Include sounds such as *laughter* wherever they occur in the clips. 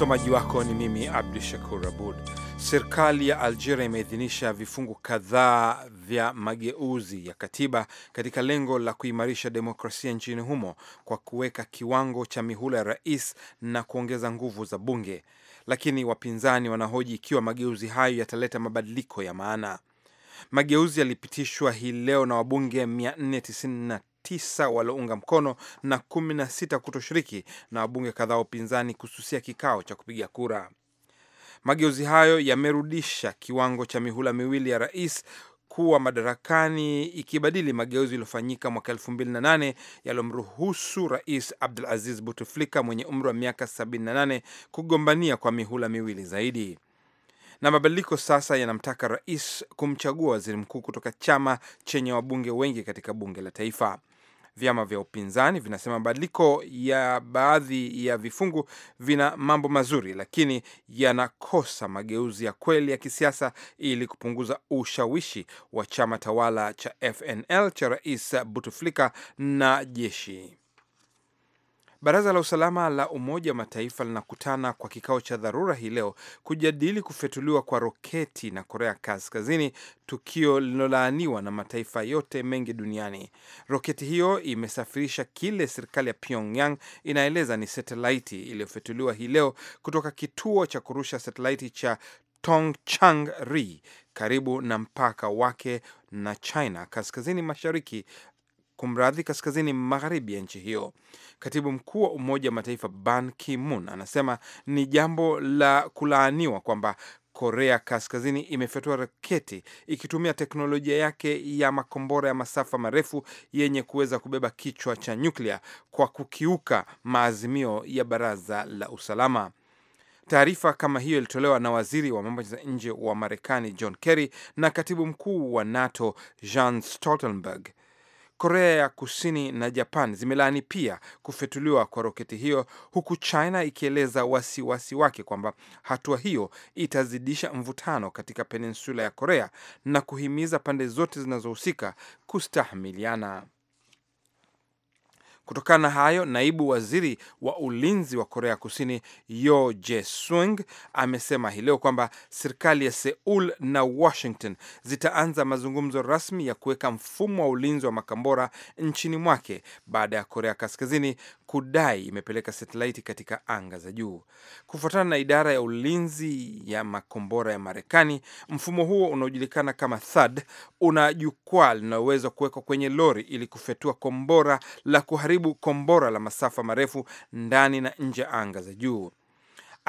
Msomaji wako ni mimi Abdu Shakur Abud. Serikali ya Algeria imeidhinisha vifungu kadhaa vya mageuzi ya katiba katika lengo la kuimarisha demokrasia nchini humo kwa kuweka kiwango cha mihula ya rais na kuongeza nguvu za bunge, lakini wapinzani wanahoji ikiwa mageuzi hayo yataleta mabadiliko ya maana. Mageuzi yalipitishwa hii leo na wabunge tisa waliounga mkono na kumi na sita kutoshiriki na wabunge kadhaa wa upinzani kususia kikao cha kupiga kura. Mageuzi hayo yamerudisha kiwango cha mihula miwili ya rais kuwa madarakani ikibadili mageuzi yaliyofanyika mwaka elfu mbili na nane yaliyomruhusu rais Abdul Aziz Buteflika mwenye umri wa miaka 78 kugombania kwa mihula miwili zaidi. Na mabadiliko sasa yanamtaka rais kumchagua waziri mkuu kutoka chama chenye wabunge wengi katika bunge la taifa. Vyama vya upinzani vinasema mabadiliko ya baadhi ya vifungu vina mambo mazuri, lakini yanakosa mageuzi ya kweli ya kisiasa ili kupunguza ushawishi wa chama tawala cha FNL cha Rais Buteflika na jeshi. Baraza la usalama la Umoja wa Mataifa linakutana kwa kikao cha dharura hii leo kujadili kufyatuliwa kwa roketi na Korea Kaskazini, tukio linalolaaniwa na mataifa yote mengi duniani. Roketi hiyo imesafirisha kile serikali ya Pyongyang inaeleza ni satelaiti iliyofyatuliwa hii leo kutoka kituo cha kurusha satelaiti cha Tongchang-ri karibu na mpaka wake na China kaskazini mashariki kumradhi, kaskazini magharibi ya nchi hiyo. Katibu mkuu wa Umoja wa Mataifa Ban Ki-moon anasema ni jambo la kulaaniwa kwamba Korea Kaskazini imefyatua roketi ikitumia teknolojia yake ya makombora ya masafa marefu yenye kuweza kubeba kichwa cha nyuklia kwa kukiuka maazimio ya Baraza la Usalama. Taarifa kama hiyo ilitolewa na waziri wa mambo ya nje wa Marekani John Kerry na katibu mkuu wa NATO Jens Stoltenberg. Korea ya Kusini na Japan zimelaani pia kufetuliwa kwa roketi hiyo, huku China ikieleza wasiwasi wake kwamba hatua hiyo itazidisha mvutano katika peninsula ya Korea na kuhimiza pande zote zinazohusika kustahimiliana. Kutokana na hayo, naibu waziri wa ulinzi wa Korea Kusini Yo Jesung amesema hii leo kwamba serikali ya Seul na Washington zitaanza mazungumzo rasmi ya kuweka mfumo wa ulinzi wa makombora nchini mwake baada ya Korea Kaskazini kudai imepeleka satelaiti katika anga za juu. Kufuatana na idara ya ulinzi ya makombora ya Marekani, mfumo huo unaojulikana kama THAD una jukwaa linaloweza kuwekwa kwenye lori ili kufyatua kombora la kuharibu karibu kombora la masafa marefu ndani na nje ya anga za juu.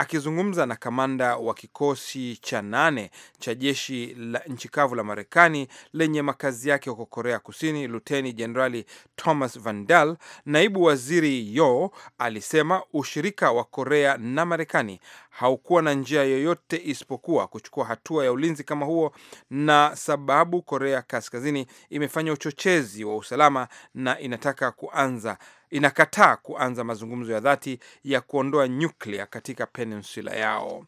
Akizungumza na kamanda wa kikosi cha nane cha jeshi la nchi kavu la Marekani lenye makazi yake huko Korea Kusini, Luteni Jenerali Thomas Vandal, naibu waziri Yo alisema ushirika wa Korea na Marekani haukuwa na njia yoyote isipokuwa kuchukua hatua ya ulinzi kama huo, na sababu Korea Kaskazini imefanya uchochezi wa usalama na inataka kuanza inakataa kuanza mazungumzo ya dhati ya kuondoa nyuklia katika peninsula yao.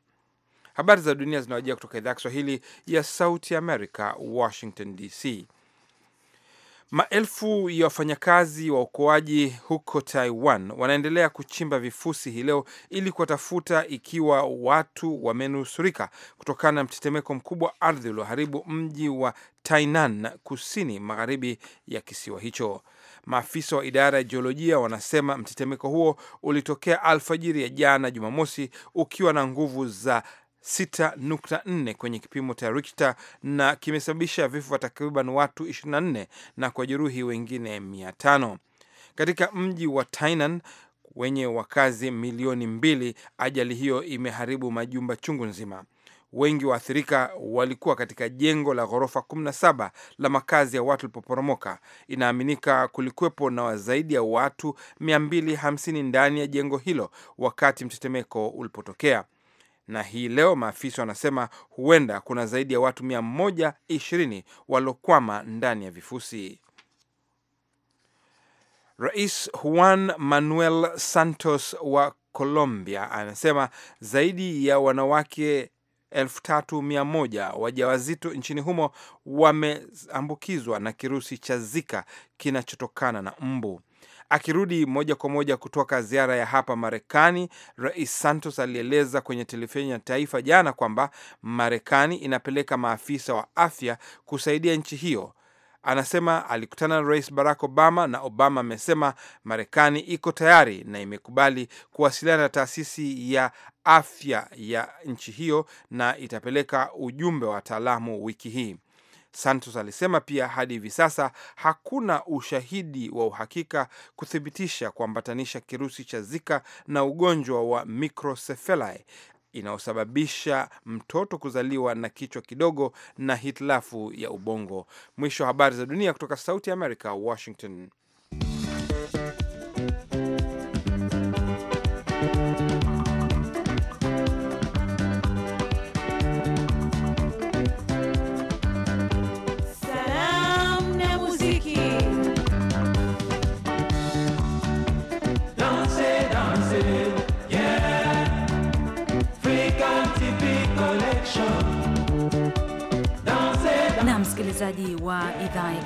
Habari za dunia zinawajia kutoka idhaa ya Kiswahili ya Sauti america Washington DC. Maelfu ya wafanyakazi wa uokoaji huko Taiwan wanaendelea kuchimba vifusi hii leo ili kuwatafuta ikiwa watu wamenusurika kutokana na mtetemeko mkubwa wa ardhi ulioharibu mji wa Tainan kusini magharibi ya kisiwa hicho. Maafisa wa idara ya jiolojia wanasema mtetemeko huo ulitokea alfajiri ya jana Jumamosi ukiwa na nguvu za 6.4 kwenye kipimo cha Richter na kimesababisha vifo vya takriban watu 24 na kujeruhi wengine 500 katika mji wa Tainan wenye wakazi milioni mbili. Ajali hiyo imeharibu majumba chungu nzima. Wengi waathirika walikuwa katika jengo la ghorofa 17 la makazi ya watu lipoporomoka. Inaaminika kulikuwepo na zaidi ya watu 250 ndani ya jengo hilo wakati mtetemeko ulipotokea, na hii leo maafisa wanasema huenda kuna zaidi ya watu 120 waliokwama ndani ya vifusi. Rais Juan Manuel Santos wa Colombia anasema zaidi ya wanawake 3100 wajawazito nchini humo wameambukizwa na kirusi cha Zika kinachotokana na mbu. Akirudi moja kwa moja kutoka ziara ya hapa Marekani, Rais Santos alieleza kwenye televisheni ya taifa jana kwamba Marekani inapeleka maafisa wa afya kusaidia nchi hiyo anasema alikutana na Rais Barack Obama na Obama amesema Marekani iko tayari na imekubali kuwasiliana na taasisi ya afya ya nchi hiyo na itapeleka ujumbe wa wataalamu wiki hii. Santos alisema pia hadi hivi sasa hakuna ushahidi wa uhakika kuthibitisha kuambatanisha kirusi cha Zika na ugonjwa wa microcephaly inayosababisha mtoto kuzaliwa na kichwa kidogo na hitilafu ya ubongo. Mwisho wa habari za dunia kutoka Sauti ya Amerika, Washington.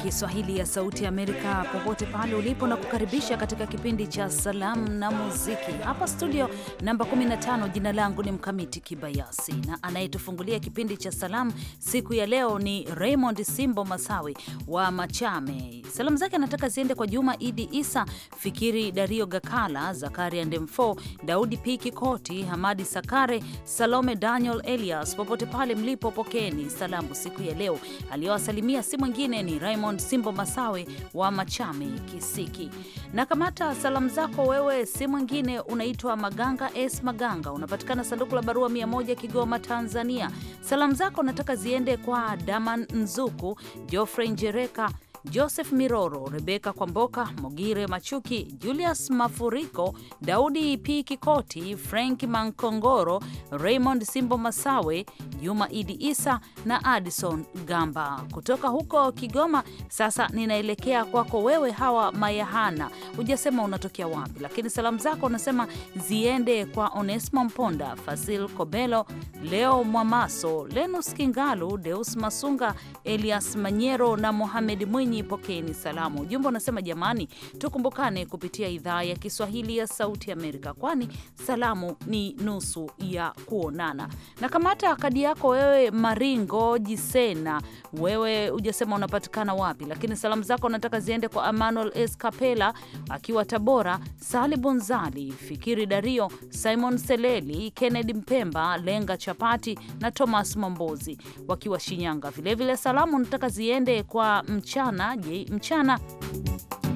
Kiswahili ya Sauti ya Amerika popote pale ulipo, na kukaribisha katika kipindi cha Salamu na Muziki hapa studio namba 15. Jina langu ni Mkamiti Kibayasi na anayetufungulia kipindi cha salamu siku ya leo ni Raymond Simbo Masawi wa Machame. Salamu zake anataka ziende kwa Juma Idi Isa, Fikiri Dario Gakala, Zakaria Ndemfo, Daudi piki koti Hamadi Sakare, Salome Daniel Elias. Popote pale mlipo, pokeni salamu siku ya leo. Aliyowasalimia si mwingine ni Raymond Msimbo Masawe wa Machame Kisiki. Na kamata salamu zako wewe, si mwingine unaitwa Maganga S Maganga, unapatikana sanduku la barua 100 Kigoma, Tanzania. Salamu zako nataka ziende kwa Daman Nzuku, Geoffrey Njereka Joseph Miroro, Rebeka Kwamboka, Mogire Machuki, Julius Mafuriko, Daudi P. Kikoti, Frank Mankongoro, Raymond Simbo Masawe, Juma Idi Isa na Addison Gamba. Kutoka huko Kigoma, sasa ninaelekea kwako wewe Hawa Mayahana. Hujasema unatokea wapi, lakini salamu zako unasema ziende kwa Onesmo Mponda, Fasil Kobelo, Leo Mwamaso, Lenus Kingalu, Deus Masunga, Elias Manyero na Mohamed Mwinyi nyinyi pokeeni salamu. Ujumbe unasema jamani, tukumbukane kupitia idhaa ya Kiswahili ya Sauti Amerika, kwani salamu ni nusu ya kuonana. Na kamata kadi yako wewe, Maringo Jisena, wewe ujasema unapatikana wapi, lakini salamu zako nataka ziende kwa Emmanuel S Kapela akiwa Tabora, Sali Bonzali, Fikiri Dario, Simon Seleli, Kennedy Mpemba, Lenga Chapati na Thomas Mombozi wakiwa Shinyanga. Vilevile salamu nataka ziende kwa mchana na je mchana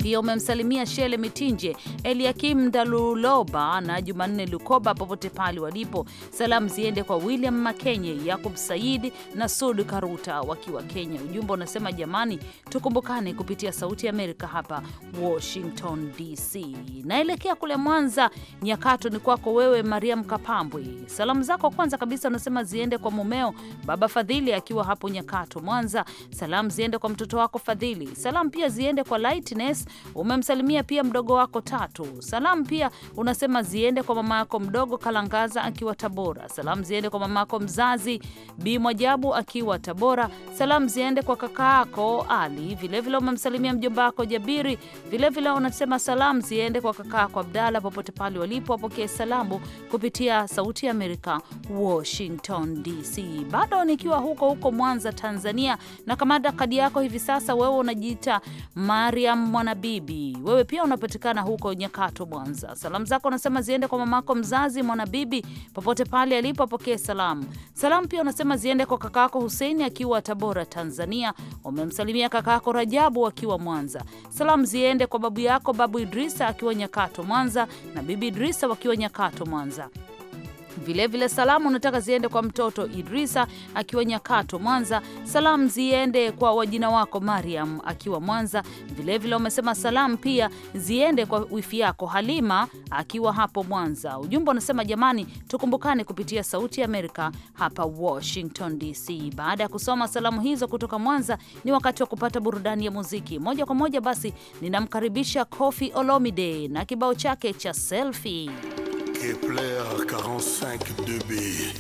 pia umemsalimia Shele Mitinje, Eliakim Daluloba na Jumanne Lukoba popote pale walipo. Salamu ziende kwa William Makenye, Yakub Saidi na Sud Karuta wakiwa Kenya. Ujumbe unasema jamani, tukumbukane kupitia Sauti ya Amerika hapa Washington DC. Naelekea kule Mwanza, Nyakato ni kwako wewe, Mariam Kapambwe. Salamu zako kwanza kabisa unasema ziende kwa mumeo Baba Fadhili akiwa hapo Nyakato Mwanza. Salamu ziende kwa mtoto wako Fadhili. Salamu pia ziende kwa Lightness Umemsalimia pia mdogo wako Tatu. Salamu pia unasema ziende kwa mama yako mdogo Kalangaza akiwa Tabora. Salamu ziende kwa mama yako mzazi Bi Mwajabu akiwa Tabora. Salamu ziende kwa kakaako Ali. Vilevile umemsalimia mjomba wako Jabiri. Vilevile unasema salamu ziende kwa yako Abdala popote pale walipo, wapokee salamu kupitia Sauti ya Amerika, Washington DC. Bado nikiwa huko huko Mwanza, Tanzania, na kamada kadi yako hivi sasa. Wewe unajiita Mariam mwana Bibi, wewe pia unapatikana huko Nyakato, Mwanza. Salamu zako unasema ziende kwa mamako mzazi Mwanabibi popote pale alipo, apokee salamu. Salamu pia unasema ziende kwa kakaako Huseini akiwa Tabora, Tanzania. Umemsalimia kakaako Rajabu akiwa Mwanza. Salamu ziende kwa babu yako babu Idrisa akiwa Nyakato, Mwanza na bibi Idrisa wakiwa Nyakato, Mwanza. Vilevile vile salamu nataka ziende kwa mtoto Idrisa akiwa Nyakato, Mwanza. Salamu ziende kwa wajina wako Mariam akiwa Mwanza. Vilevile wamesema vile salamu pia ziende kwa wifi yako Halima akiwa hapo Mwanza. Ujumbe unasema jamani, tukumbukane kupitia Sauti ya Amerika hapa Washington DC. Baada ya kusoma salamu hizo kutoka Mwanza, ni wakati wa kupata burudani ya muziki moja kwa moja. Basi ninamkaribisha Kofi Olomide na kibao chake cha selfie. Kepler 45 2B,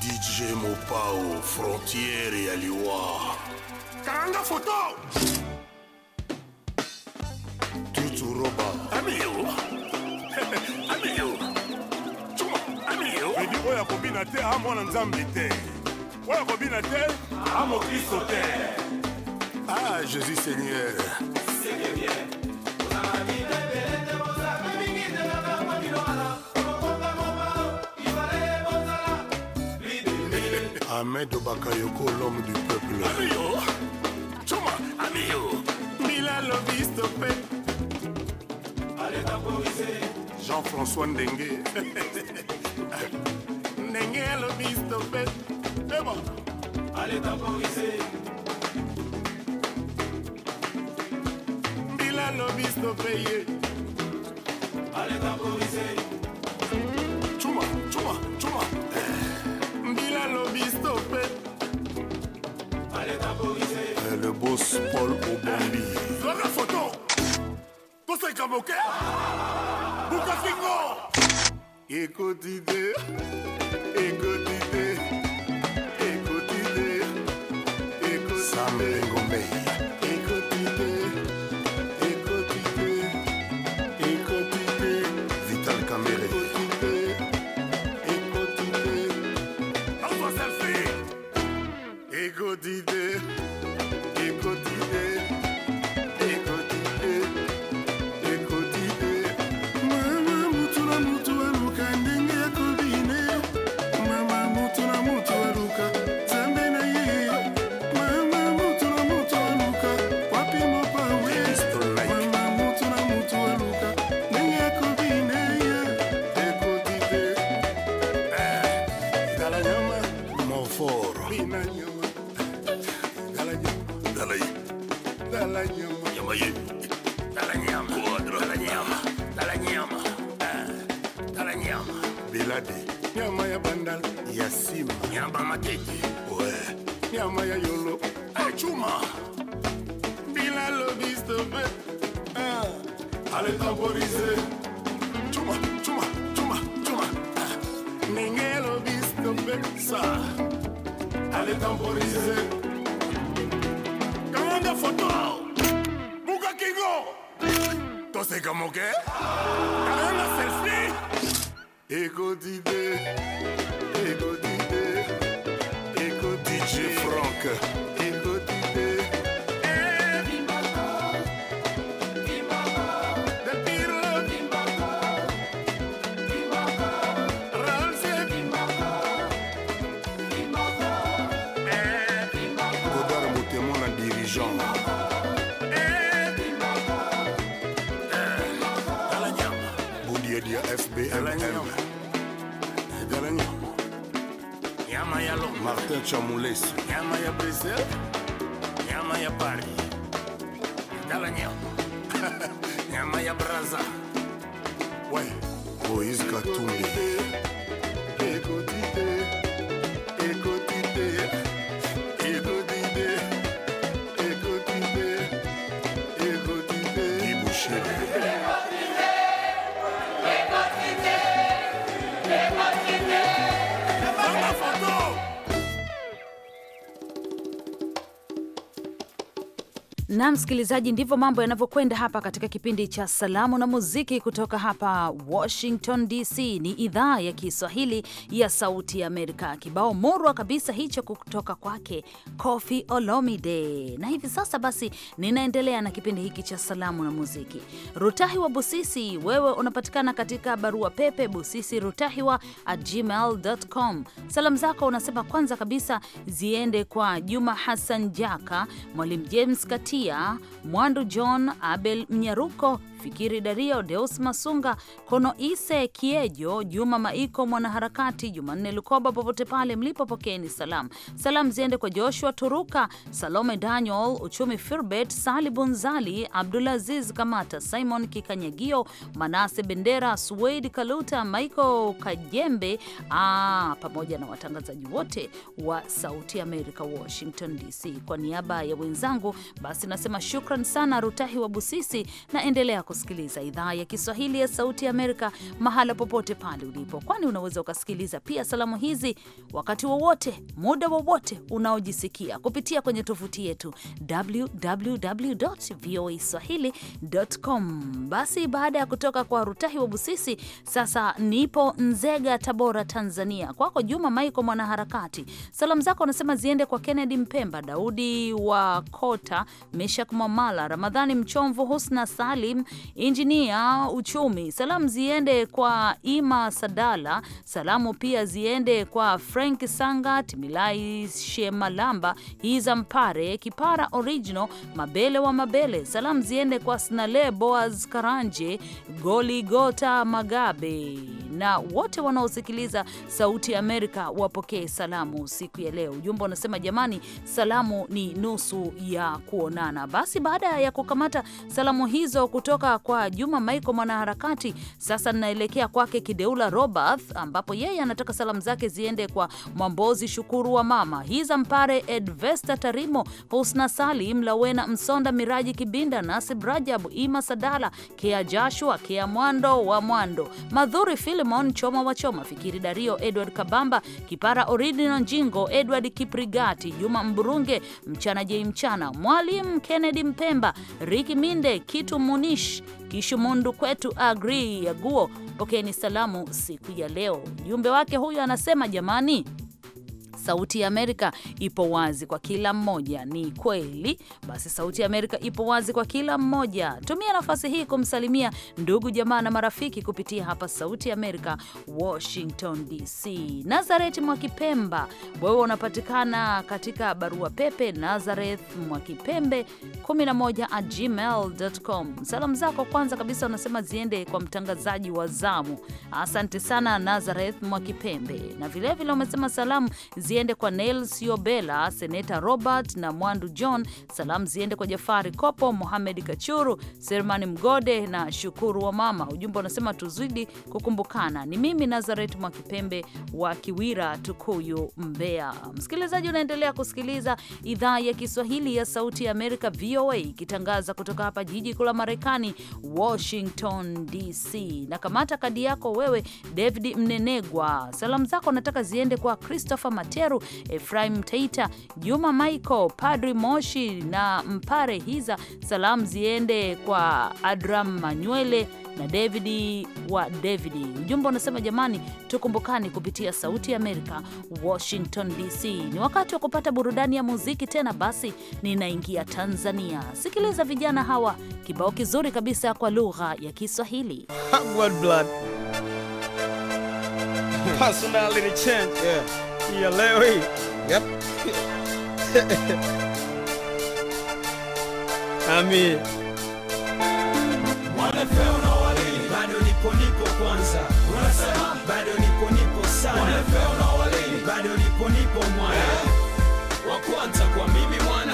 DJ Mopao, Frontière et Aliwa. Karanga photo! Tutu Roba. Amio! *laughs* Amio! Tuma, Amio! Vedi Oya akobina te a mwana nzambe te. oyo akobina te a mokristo te. Ah, Jésus Seigneur! C'est bien. Ahmed Obakayoko, l'homme du peuple. Amio. chuma, amigo, Milan Lovistope. Allez temporiser. Jean-François Ndengue. *laughs* Ndengue Lovistope. C'est bon. Allez temporiser. Milan Lovistope. Allez temporiser. Carlos Paul Obambi. Vous photo. Koseka vous Buka fingo. Écoute idée. Écoute les temporiser. Commande photo, Buga Kingo. Toi c'est comme ok? selfie. Ego DJ, Ego DJ, Ego DJ Franck. arătăci am ules Ia mai e Brisel, ia mai e Pari Da la neu, ia mai e Braza Na msikilizaji, ndivyo mambo yanavyokwenda hapa katika kipindi cha salamu na muziki kutoka hapa Washington DC. Ni idhaa ya Kiswahili ya Sauti ya Amerika. Kibao murwa kabisa hicho kutoka kwake cofi Olomide. Na hivi sasa basi, ninaendelea na kipindi hiki cha salamu na muziki. Rutahi wa Busisi, wewe unapatikana katika barua pepe busisi rutahiwa at gmail.com. Salamu zako unasema kwanza kabisa ziende kwa Juma Hassan Jaka, Mwalimu James Kati pia Mwandu John Abel Mnyaruko, Fikiri Dario, Deus Masunga, Kono Ise Kiejo, Juma Maiko, mwanaharakati Jumanne Lukoba, popote pale mlipo, pokeeni salamu. Salamu ziende kwa Joshua Turuka, Salome Daniel, Uchumi Firbet, Sali Bunzali, Abdulaziz Kamata, Simon Kikanyagio, Manase Bendera, Suweid Kaluta, Michael Kajembe, aa, pamoja na watangazaji wote wa Sauti Amerika, Washington DC. Kwa niaba ya wenzangu, basi nasema shukran sana Rutahi wa Busisi, na endelea kusikiliza idhaa ya Kiswahili ya Sauti ya Amerika mahala popote pale ulipo, kwani unaweza ukasikiliza pia salamu hizi wakati wowote, muda wowote unaojisikia kupitia kwenye tovuti yetu swahilicom Basi baada ya kutoka kwa Rutahi wa Busisi, sasa nipo Nzega, Tabora, Tanzania. Kwako Juma Maiko mwanaharakati, salamu zako unasema ziende kwa Kennedy Mpemba, Daudi wa Kota, Meshak Mamala, Ramadhani Mchomvu, Husna Salim, Injinia uchumi, salamu ziende kwa Ima Sadala, salamu pia ziende kwa Frank Sangat, Milai Shemalamba, Hiza Mpare, Kipara Original, Mabele wa Mabele. Salamu ziende kwa Snale Boaz Karanje, Goligota Magabe na wote wanaosikiliza Sauti ya Amerika wapokee salamu siku ya leo. Ujumbe unasema jamani, salamu ni nusu ya kuonana. Basi baada ya kukamata salamu hizo kutoka kutoka kwa Juma Maiko mwanaharakati. Sasa ninaelekea kwake Kideula Robert, ambapo yeye anataka salamu zake ziende kwa Mwambozi Shukuru wa mama Hiza Mpare, Edvesta Tarimo, Husna Salim, Lawena Msonda, Miraji Kibinda, Nasib Rajab, Ima Sadala, Kea Joshua, Kea Mwando wa Mwando, Madhuri Filimon, Choma wa Choma, Fikiri Dario, Edward Kabamba, Kipara Original Jingo, Edward Kiprigati, Juma Mburunge, Mchana Jei Mchana, Mwalimu Kennedy Mpemba, Riki Minde, Kitu Munish kishu mundu kwetu agri ya guo. Pokeni salamu siku ya leo. Mjumbe wake huyu anasema jamani, Sauti ya Amerika ipo wazi kwa kila mmoja. Ni kweli basi, Sauti ya Amerika ipo wazi kwa kila mmoja. Tumia nafasi hii kumsalimia ndugu, jamaa na marafiki kupitia hapa Sauti ya Amerika, Washington DC. Nazareth Mwakipemba, wewe unapatikana katika barua pepe Nazareth Mwakipembe 11 at gmail.com. Salamu zako kwanza kabisa unasema ziende kwa mtangazaji wa zamu. Asante sana Nazareth Mwakipembe, na vilevile umesema salamu zi ziende kwa Nel Siobela, Seneta Robert na Mwandu John. Salamu ziende kwa Jafari Kopo, Mohamed Kachuru, Sermani Mgode na Shukuru wa Mama. Ujumbe unasema tuzidi kukumbukana. Ni mimi Nazaret Mwakipembe wa Kiwira, Tukuyu, Mbeya. Msikilizaji, unaendelea kusikiliza idhaa ya Kiswahili ya Sauti ya Amerika, VOA, ikitangaza kutoka hapa jiji kuu la Marekani, Washington DC. Na kamata kadi yako wewe, David Mnenegwa. Salamu zako nataka ziende kwa Christopher Mate Mweru, Efraim Taita, Juma Michael, Padri Moshi na Mpare Hiza. Salamu ziende kwa Adram Manywele na david wa Davidi. Ujumbe unasema jamani, tukumbukani kupitia Sauti ya Amerika, Washington DC. Ni wakati wa kupata burudani ya muziki tena. Basi ninaingia Tanzania. Sikiliza vijana hawa, kibao kizuri kabisa kwa lugha ya Kiswahili. blood. Personality change. Yeah. Leo hii *laughs* ami wanafeo na wali bado nipo nipo kwanza, unasema bado nipo nipo sana, wanafeo na wali bado nipo nipo mwana eh, wa kwanza kwa mimi mwana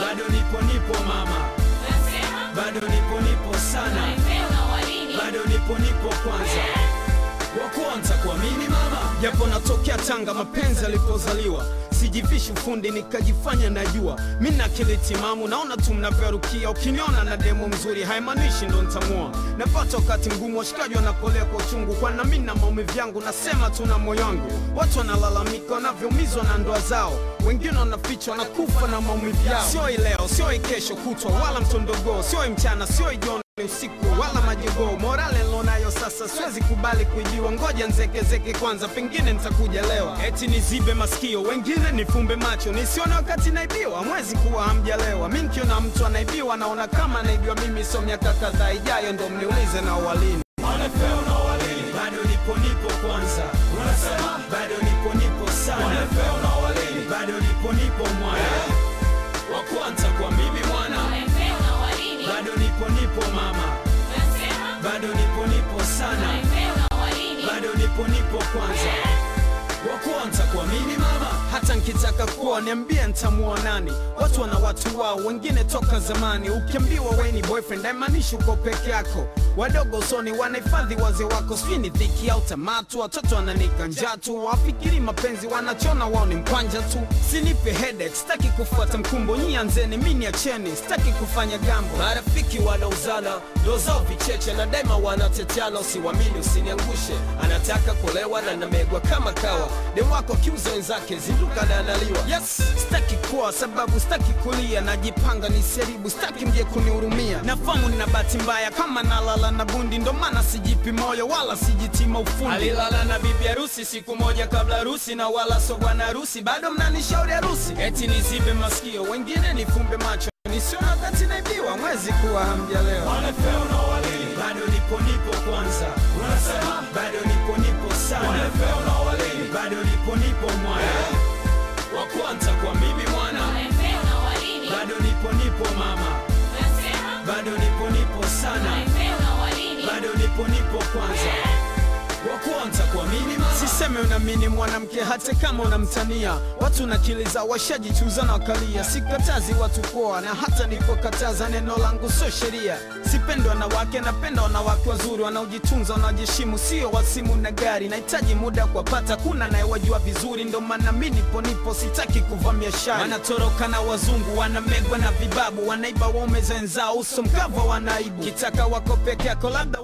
bado nipo nipo mama, nasema bado nipo nipo sana, bado nipo nipo kwanza Yeah nitakuamini mama, japo natokea Tanga, mapenzi alipozaliwa sijivishi fundi nikajifanya najua mi na akili timamu, naona tu mnavyorukia. Ukiniona na demo mzuri haimanishi ndo ntamua Napata wakati mgumu, washikaji wanakolea kwa uchungu, kwana mi na maumivu yangu nasema tu na moyo wangu. Watu wanalalamika wanavyoumizwa na ndoa zao, wengine wanafichwa na kufa na maumivu yao. Sioi leo, sioi kesho kutwa, wala mtondogoo, sioi mchana, sio jioni usiku wala majigo morale nilonayo sasa siwezi kubali kuijiwa ngoja nzekezeke kwanza, pengine nitakuja lewa. Eti nizibe masikio, wengine nifumbe macho, nisione wakati naibiwa, mwezi kuwa hamjalewa. Mi nkiona mtu anaibiwa, naona kama naibiwa mimi, so miaka kadhaa ijayo ndo mniulize na walini bado nipo nipo sana, bado nipo nipo mwana eh? nipo mama, bado nipo nipo sana, bado nipo nipo kwanza, eh? wa kwanza kwa mimi mama hata nkitaka kuwa niambie nani Watu wana watu wao, wengine toka zamani. Ukiambiwa we ni boyfriend aimanishi uko peke yako. Wadogo usoni wanahifadhi wazee wako, sijui ni dhiki au tamatu Watoto wananika njatu wafikiri mapenzi wanachona wao ni mkwanja tu. Sinipe headache, sitaki kufuata mkumbo, nyi anzeni, mi acheni sitaki kufanya gambo. Marafiki wanauzana, ndo zao vicheche na daima wanateteana, usiwamini, usiniangushe. Anataka kulewa na namegwa kama kawa, demwako kiuza wenzake zindu mkadadaliwa yes. Staki kuwa sababu staki kulia, najipanga seribu staki mje kunihurumia. Nafamu na bahati mbaya kama nalala na bundi, ndo maana sijipi moyo wala sijitima ufundi. Alilala na bibi harusi siku moja kabla harusi, na wala so bwana harusi, bado mnanishauri harusi, eti nizibe masikio, wengine nifumbe macho nisiona wakati naibiwa, mwezi kuwa hamja leo bado nipo nipo kwanza, unasema nipo nipo kwanza wa kwanza siseme unamini mwanamke hata kama unamtania watu nakiliza washajichuza na wakalia sikatazi watu poa na hata nipokataza neno langu sio sheria sipendo wanawake napenda wanawake wazuri wanaojitunza wanaojishimu sio wasimu na gari nahitaji muda kuwapata kuna nayewajua vizuri ndo maana mi nipo nipo sitaki kuvamia shari wanatoroka na wazungu wanamegwa na vibabu wanaiba waume zenzao uso mkava wanaibu kitaka wako peke yako labda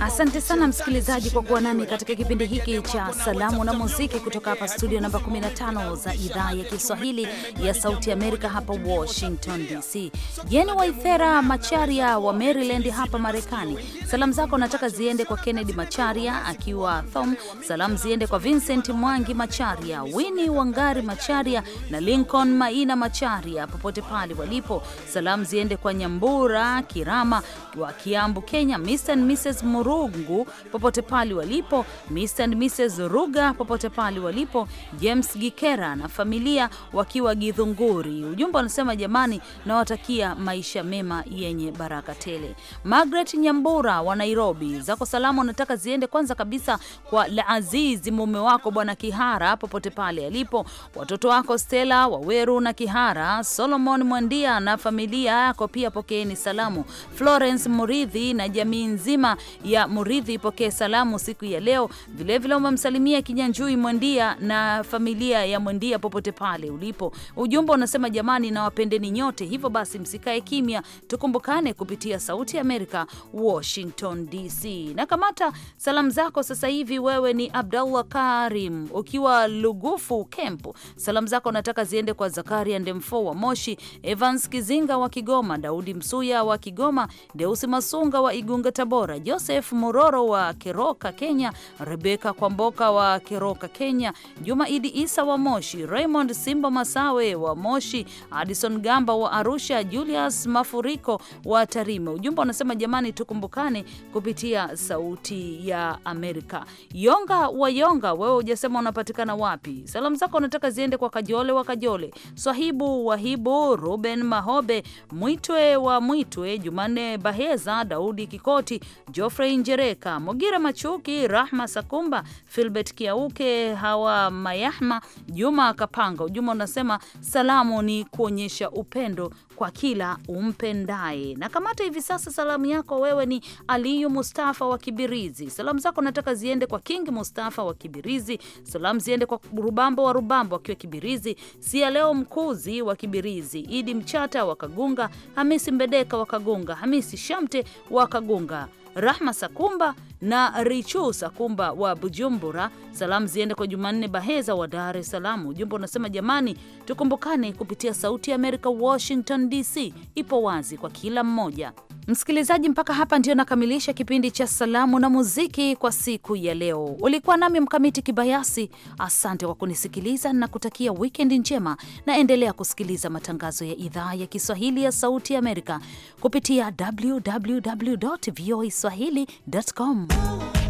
Asante sana msikilizaji kwa kuwa nami katika kipindi hiki cha salamu na muziki kutoka hapa studio namba 15 za idhaa ya Kiswahili ya Sauti Amerika hapa Washington DC. Jeni Waithera Macharia wa Maryland hapa Marekani, salamu zako nataka ziende kwa Kennedy Macharia akiwa Thom. Salamu ziende kwa Vincent Mwangi Macharia, wini Wangari Macharia na Lincoln Maina Macharia popote pale walipo. Salamu ziende kwa Nyambura Kirama wa Kiambu, Kenya, Mr. Mrs Murungu popote pale walipo, Mr and Mrs Ruga popote pale walipo, James Gikera na familia wakiwa gidhunguri Ujumbe wanasema jamani, nawatakia maisha mema yenye baraka tele. Margaret Nyambura wa Nairobi, zako salamu nataka ziende kwanza kabisa kwa Laazizi mume wako Bwana Kihara popote pale alipo, watoto wako Stella Waweru na Kihara, Solomon Mwandia na familia yako pia, pokeeni salamu. Florence Muridhi na jamii nzima ya Muridhi ipokee salamu siku ya leo. Vilevile umemsalimia Kinyanjui Mwendia na familia ya Mwendia popote pale ulipo. Ujumbe unasema jamani, nawapendeni nyote, hivyo basi msikae kimya, tukumbukane kupitia Sauti ya Amerika, Washington DC. Na kamata salamu zako sasa hivi, wewe ni Abdallah Karim ukiwa Lugufu Kempu. Salamu zako nataka ziende kwa Zakaria Ndemfo wa Moshi, Evans Kizinga wa Kigoma, Daudi Msuya wa Kigoma, Deusi Masunga wa Igunga Tabora, Joseph Mororo wa Keroka, Kenya, Rebeka Kwamboka wa Keroka, Kenya, Juma Idi Isa wa Moshi, Raymond Simba Masawe wa Moshi, Addison Gamba wa Arusha, Julius Mafuriko wa Tarime. Ujumbe unasema jamani, tukumbukane kupitia Sauti ya Amerika. Yonga wa Yonga, wewe hujasema unapatikana wapi. Salamu zako unataka ziende kwa Kajole wa Kajole, Swahibu Wahibu, Ruben Mahobe, Mwitwe wa Mwitwe, Jumanne Baheza, Daudi Kikoti, Geoffrey Njereka, Mogira Machuki, Rahma Sakumba, Filbert Kiauke, Hawa Mayahma, Juma Kapanga. Ujuma unasema salamu ni kuonyesha upendo kwa kila umpendaye. Na kamata hivi sasa salamu yako wewe, ni Aliyu Mustafa wa Kibirizi. Salamu zako nataka ziende kwa King Mustafa wa Kibirizi, salamu ziende kwa Rubambo wa Rubambo akiwa Kibirizi, Sia Leo Mkuzi wa Kibirizi, Idi Mchata wa Kagunga, Hamisi Mbedeka wa Kagunga, Hamisi Shamte wa Kagunga, Rahma Sakumba na Richu Sakumba wa Bujumbura. Salamu ziende kwa Jumanne Baheza wa Dar es Salaam. Ujumbe unasema jamani, tukumbukane kupitia Sauti ya Amerika, Washington DC ipo wazi kwa kila mmoja. Msikilizaji, mpaka hapa ndio nakamilisha kipindi cha salamu na muziki kwa siku ya leo. Ulikuwa nami Mkamiti Kibayasi, asante kwa kunisikiliza na kutakia wikendi njema, na endelea kusikiliza matangazo ya idhaa ya Kiswahili ya Sauti Amerika kupitia www voa swahili.com. Oh, oh.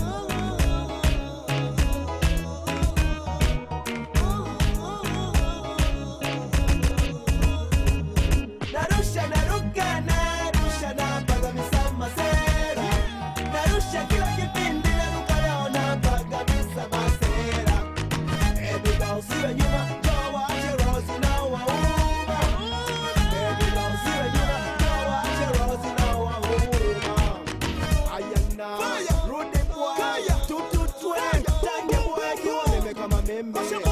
remember.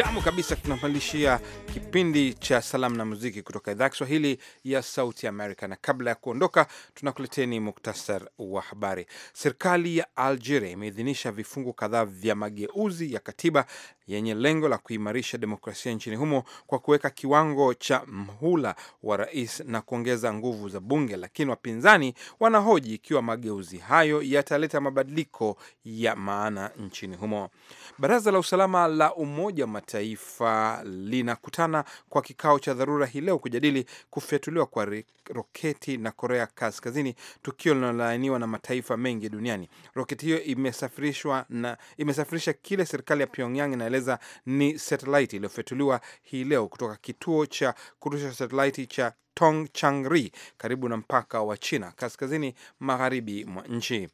kitamu kabisa. Tunapandishia kipindi cha salamu na muziki kutoka idhaa ya Kiswahili ya Sauti Amerika, na kabla ya kuondoka, tunakuleteni muktasar wa habari. Serikali ya Algeria imeidhinisha vifungu kadhaa vya mageuzi ya katiba yenye lengo la kuimarisha demokrasia nchini humo kwa kuweka kiwango cha mhula wa rais na kuongeza nguvu za bunge, lakini wapinzani wanahoji ikiwa mageuzi hayo yataleta mabadiliko ya maana nchini humo. Baraza la usalama la Umoja wa Mataifa linakutana kwa kikao cha dharura hii leo kujadili kufyatuliwa kwa roketi na Korea Kaskazini, tukio linalolaaniwa na mataifa mengi duniani. Roketi hiyo imesafirishwa na imesafirisha kile serikali ya Pyongyang inaeleza Uingereza ni satelaiti iliyofyatuliwa hii leo kutoka kituo cha kurusha satelaiti cha tong Changri karibu na mpaka wa China kaskazini magharibi mwa nchi.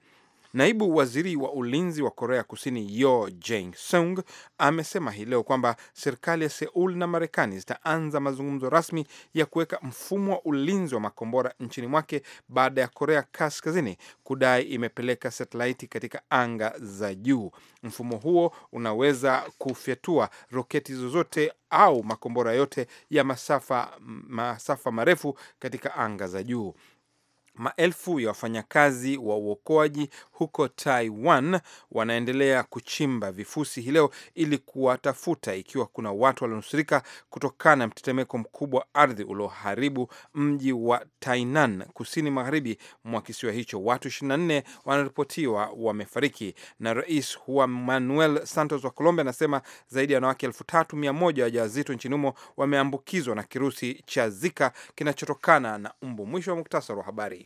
Naibu waziri wa ulinzi wa Korea Kusini Yo Jeng Sung amesema hii leo kwamba serikali ya Seul na Marekani zitaanza mazungumzo rasmi ya kuweka mfumo wa ulinzi wa makombora nchini mwake baada ya Korea Kaskazini kudai imepeleka satelaiti katika anga za juu. Mfumo huo unaweza kufyatua roketi zozote au makombora yote ya masafa, masafa marefu katika anga za juu. Maelfu ya wafanyakazi wa uokoaji huko Taiwan wanaendelea kuchimba vifusi hii leo ili kuwatafuta ikiwa kuna watu walionusurika kutokana na mtetemeko mkubwa wa ardhi ulioharibu mji wa Tainan kusini magharibi mwa kisiwa hicho. Watu 24 wanaripotiwa wamefariki. Na Rais Juan Manuel Santos wa Colombia anasema zaidi ya wanawake waja wajawazito nchini humo wameambukizwa na kirusi cha Zika kinachotokana na mbu. Mwisho wa muktasari wa habari.